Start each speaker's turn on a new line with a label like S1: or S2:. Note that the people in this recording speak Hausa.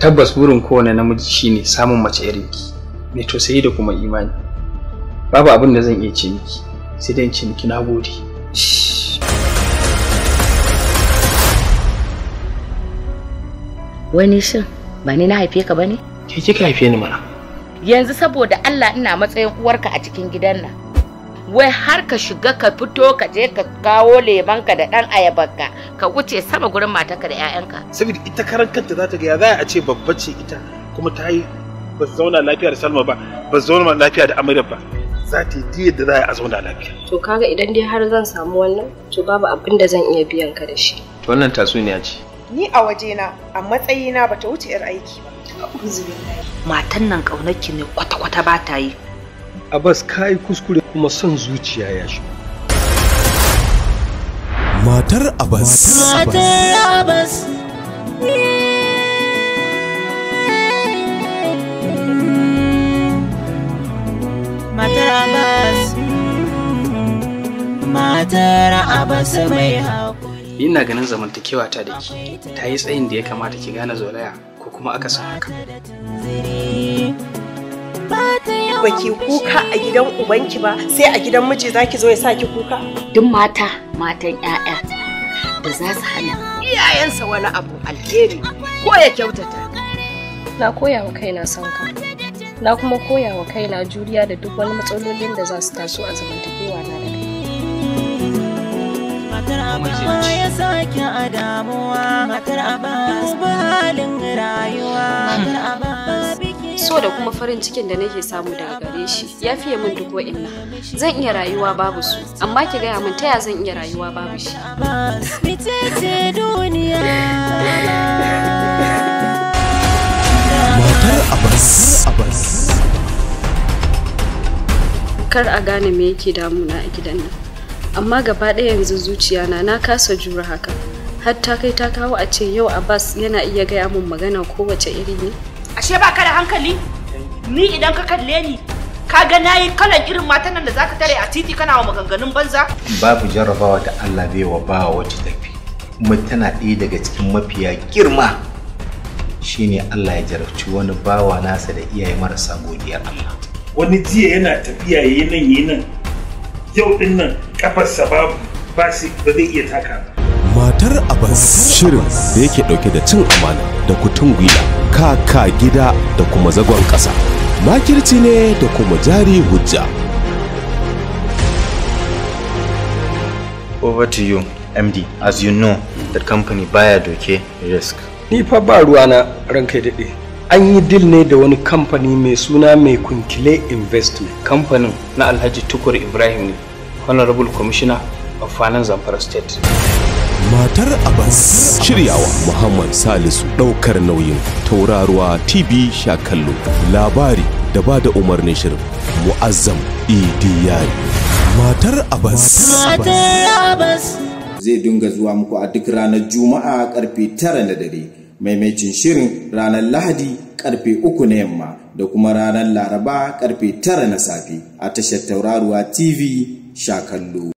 S1: tabbas burin kowane namiji shine samun mace irin ki mai tausayi da kuma imani babu abin da zan iya ce miki sai dai in ce miki nagode wani shin ba ni na haife ka bane ke kika haife ni mana yanzu saboda Allah ina matsayin uwarka a cikin gidan nan wai har ka shiga ka fito ka je ka kawo lemanka da ɗan ayabarka ka wuce sama gurin matarka da 'ya'yanka. saboda ita karan kanta za ta ga ya za a ce babba ce ita kuma ta yi ba zauna lafiya da salma ba ba zauna lafiya da amarya ba za ta yi da za a zauna lafiya. To kaga idan dai har zan samu wannan to babu abin da zan iya biyan ka da shi. To wannan tasuniya ce. Ni a wajena a matsayina ba ta wuce 'yar aiki ba. Matan nan ƙaunarki ne kwata-kwata ba ta yi Abbas ka yi kuskure kuma son zuciya ya shi. Matar Abbas. Matar Abbas. Matar Abbas. Matar Abbas mai haƙuri. Ina ganin zamantakewa ta da ke ta yi tsayin da ya kamata ki gane zolaya ko kuma aka san haka. baki kuka a gidan ubanki ba sai a gidan miji zaki zo ya sa ki kuka duk mata matan 'ya'ya da za su hana iyayensa wani abu alheri ko ya kyautata na koya wa kaina son ka na kuma koya wa kaina juriya da duk wani matsalolin da za su taso a zamantakewa na da kai matar abba ya sake a damuwa matar abba halin rayuwa hmm. matar abba so da kuma farin cikin da nake samu daga gare shi ya fiye min duk wa'inna zan iya rayuwa babu su amma ki gaya min taya zan iya rayuwa babu shi kar a gane me yake damuna a gidan nan amma gaba ɗaya yanzu zuciya na na kasa jura haka har ta kai ta kawo a ce yau abbas yana iya gaya min magana kowace iri ne Ashe ba ka da hankali? Ni idan ka kalle ni, ka ga na yi kalan irin matan nan da za ka tare a titi kana wa maganganun banza? Babu jarrabawa da Allah zai wa ba wacce tafi. Kuma tana ɗaya daga cikin mafiya girma. Shine Allah ya jarabci wani bawa nasa da iyaye marasa godiyar Allah. Wani jiya yana tafiya yi nan yi nan, yau din nan babu ba zai iya taka ba. matar abbas shirin da yake dauke da cin amana da kutun gwila kaka gida da kuma zagon ƙasa makirci ne da kuma jari hujja over to you md as you know the company baya doke risk ni fa ba ruwana ranka daɗe an yi dil ne da wani kamfani mai suna mai kunkile investment kamfanin na alhaji tukur ibrahim ne honorable commissioner of finance and state matar abbas shiryawa muhammad salisu ɗaukar nauyin tauraruwa tv shakallo labari da ba da umarnin shirin mu'azzam e idiyari matar abbas zai dinga zuwa muku a duk ranar juma'a karfe tara da dare maimacin shirin ranar lahadi karfe uku na yamma da kuma ranar laraba karfe tara na safe a tashar tauraruwa tv shakallo